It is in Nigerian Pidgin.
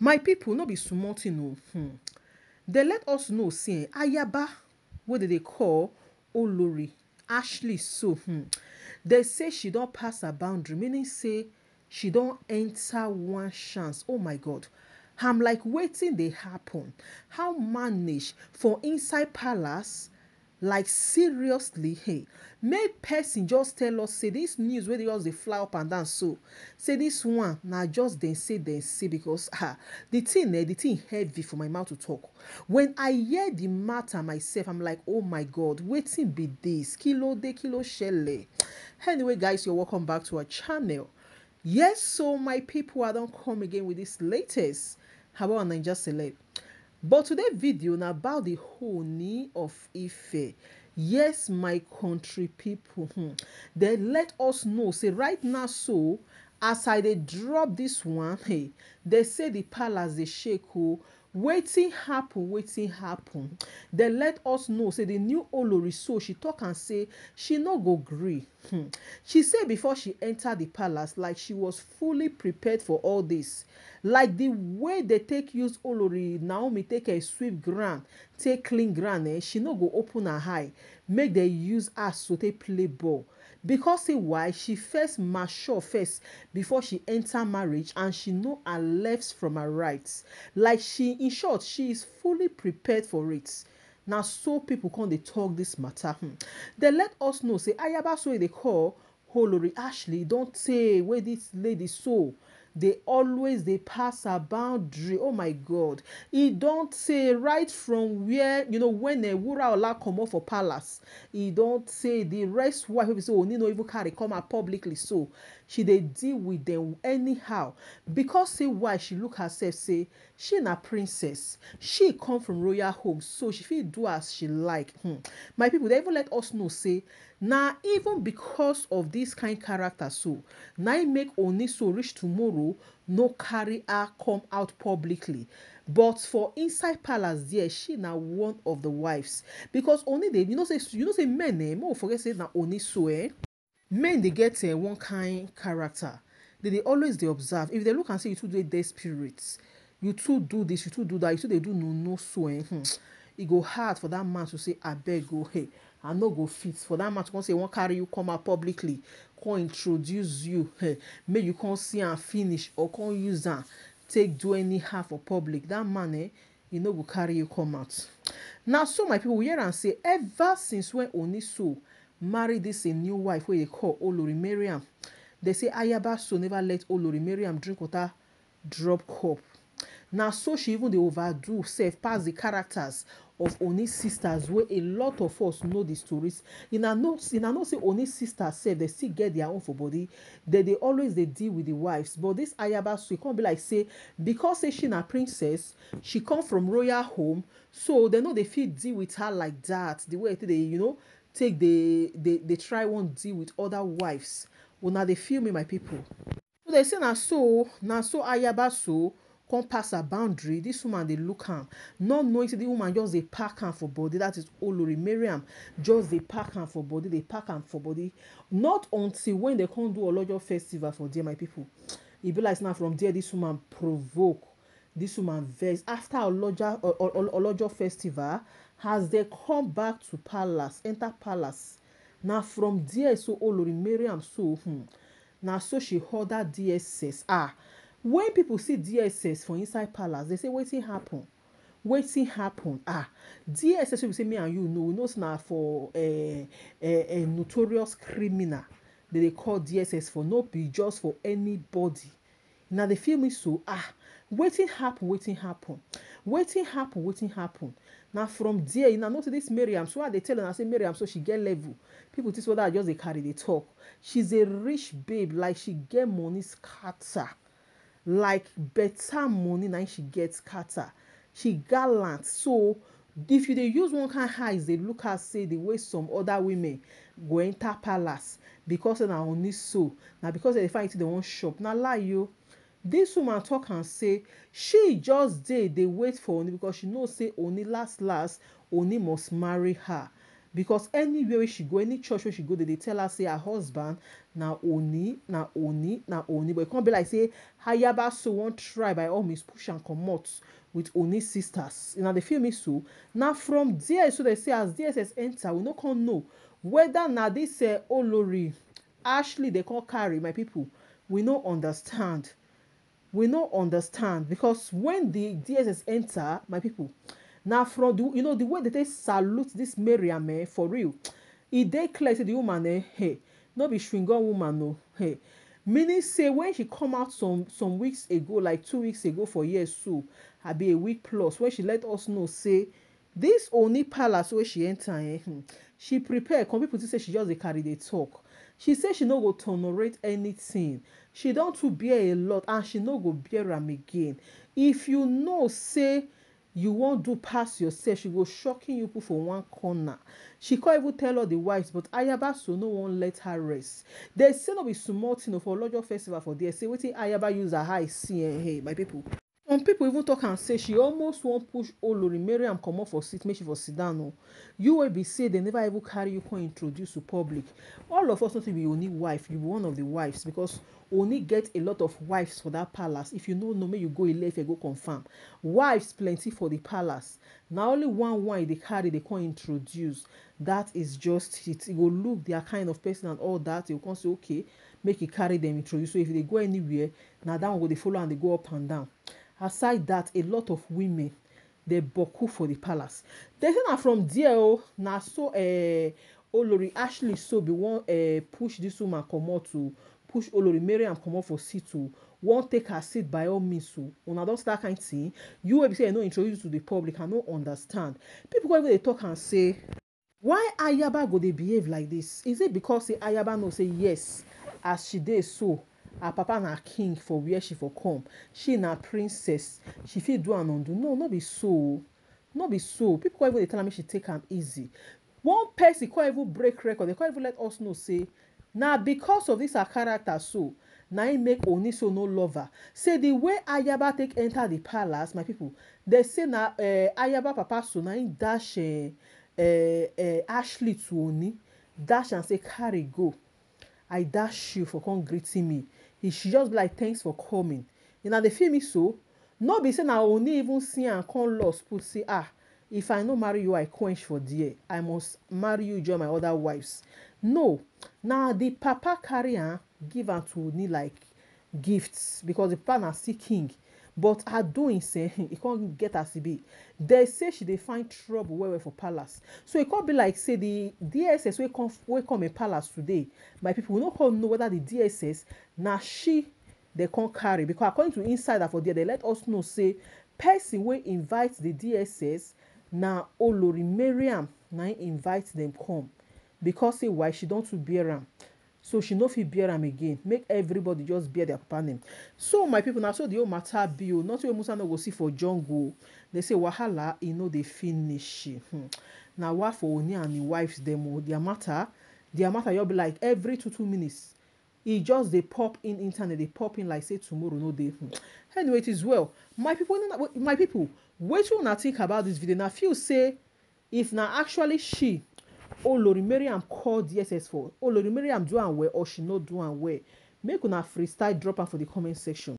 My people, no be small thing o, hmm. dem let us know sey ayaba wey dem dey call Olori Ashley so um hmm. dem say she don pass her boundary meaning say she don enter one chance oh my God I'm like wetin dey happen? How manage for inside palace like seriously hey make person just tell us say this news wey dey just dey fly up and down so say this one na just dem say dem say because ah the thing eh the thing heavy for my mouth to talk when i hear the matter myself i'm like oh my god wetin be this kilo de kilo kí ló anyway guys you're welcome back to our channel yes so my people i don come again with this latest How about naija celeb But today video na about the honey of Ife. Yes, my country people, hmm. They let us know, say right now so, as I dey drop this one, hey, they say the palace dey shake o. Oh, wetin happen wetin happen dem let us know say the new olori so she talk am say she no go gree hmm. she say before she enter the palace like she was fully prepared for all this like the way they take use olori naomi take a sweep ground take clean ground eh she no go open her eye make dem use her so take play ball because say why she first mature first before she enter marriage and she know her lefts from her rights like she in short she is fully prepared for it na so people come dey talk this matter hmm. dem let us know say ayaba so dey call olori ashley don tey wey this lady so they always dey pass her boundary oh my god e don tey right from where you know when ewuraola comot for palace e don tey the rest wife wey be say oni oh, no even carry come out publicly so she dey deal with dem anyhow because say why she look herself say she na princess she come from royal home so she fit do as she like hmm. my people dey even let us know say na even because of this kind character so na im make oniso reach tomorrow no carry her come out publicly but for inside palace there she na one of the wives because oni dey you know say you know say men eh mo forget say na oniso eh men dey get eh, one kind character they dey always dey observe if they look and say you too dey dead spirit you too do this you too do that you too dey do no no so eh hmm. e go hard for that man to say abeg o oh, hey i no go fit for that man to come say e wan carry you come out publicly come introduce you um make you come see am finish or come use am take do anyhow for public That man eh e no go carry you come out na so my people hear am say ever since when oniso marry this im new wife wey dey call olori mariam dey say ayaba so never let olori mariam drink water drop cup na so she even dey overdo sef pass the characters of oni sisters wey a lot of us know the stories una know una know say oni sisters sef dey still get their own for body dey dey always dey deal with the wives but this ayaba so e come be like say because say she na princess she come from royal home so dem no dey fit deal with her like that the way they, dey you know take dey dey dey try one deal with other wives una dey feel me my people so dey say na so na so ayaba so come pass her boundary This woman dey look am not knowing say the woman just dey pack am for body that is olori mariam just dey pack am for body dey pack am for body not until when they come do olojo festival for there my people e be like say na from there this woman provoke This woman vex after oloja olojo festival as they come back to palace enter palace na from there so olori mariam so hmm, na so she order dss ah when people see dss for inside palace they say wetin happen wetin happen ah dss wey be say me and you know we know say na for a uh, uh, notorious criminal they dey call dss for no be just for anybody na dey feel me so ah wetin happen wetin happen wetin happen wetin happen na from there una know say this Maryam. so i dey tell una say Maryam, so she get level people think say whether i just dey carry dey talk she's a rich babe like she get money scatter like better money na she get scatter she gallant so if you dey use one kind eyes dey look her say the way some other women go enter palace because say na only so na because they dey find wetin dey wan chop na lie o this woman talk am say she just dey dey wait for oni because she know say oni last last oni must marry her because anywhere wey she go any church wey she go dey dey tell her say her husband na oni na oni na oni but e come be like say ayaba so wan try by all means push am comot with oni sisters You know dey feel me so na from there so dey say as dss enter we no come know whether na this uh, olori ashley dey come carry my people we no understand we no understand because when the dss enter my people na from the you know the way they take salute this mariam eh for real e dey clear say the woman eh hey, no be shringon woman o hey. meaning say when she come out some some weeks ago like two weeks ago for here so be a week plus when she let us know say this Ooni palace wey she enter eh hmm, she prepare come people think say she just dey carry dey talk she say she no go tolerate anything she don too bear a lot and she no go bear am again if you know say you wan do pass yourself she go shocking you put for one corner she come even tell all the wives but ayabaso no wan let her rest They say no be small thing o for olojo festival for there say wetin ayaba use her eye see eh, eh my people some pipo even talk am say she almost wan push olori mariam comot for seat make she for sit down o you wey be say dem never even carry you come introduce to public all of us no fit be oni wife you be one of the wives because oni get a lot of wives for dat palace if you no know make you go ilefe go confirm wives plenty for di palace na only one one e dey carry dey come introduce that is just it e go look their kind of person and all that e go come say okay make e carry dem introduce so if e dey go anywhere na that one go dey follow am dey go up and down aside that, a lot of women dey boku for the palace dem say na from dia oh, na so um olori ashley so bin wan um push dis woman comot to push olori marry am comot for seat o wan take her seat by all means o una don see kind kain tin you wey be say you no introduce to the public i no understand People wey even dey talk am say why ayaba go dey behave like this? is it because say ayaba know say yes as she dey so her papa na king for where she for come she na princess she fit do am undo no no be so o no be so people come even dey tell am make she take am easy one person come even break record they come even let us know say na because of this her character so na im make oniso no love her say the way ayaba take enter the palace my people dey say na uh, ayaba papa so na im dash uh, uh, uh, ashley to oni dash am say carry go I dash you for come greeting me. He should just be like thanks for coming. Una dey feel me so? No be say na only even see am come loss put say ah if I no marry you I quench for dear. I must marry you join my other wives. No, Now the papa carry am give unto me like gifts because the papa na still king but her doing say e come get as e be dey say she dey find trouble well well for palace so e come be like say the dss wey come wey come in palace today my people we no come know whether the dss na she dey come carry because according to insider for there they let us know say person wey invite the dss na olori mariam na im invite them come because say why she don too bear am so she no fit bear am again make everybody just bear their papa name so my people na so the whole matter be o nothing wey musa no go see for jungle They say wahala e no dey finish hmm. na wa for oni and im wives dem o their matter their matter just be like every two two minutes e just dey pop in internet dey pop in like say tomorrow no dey hmm. anyway it is well my people my people wetin una think about this video na feel say if na actually she oh lori mariam call dss for oh lori mariam do am well or she no do am well make una freestyle drop am for the comment section.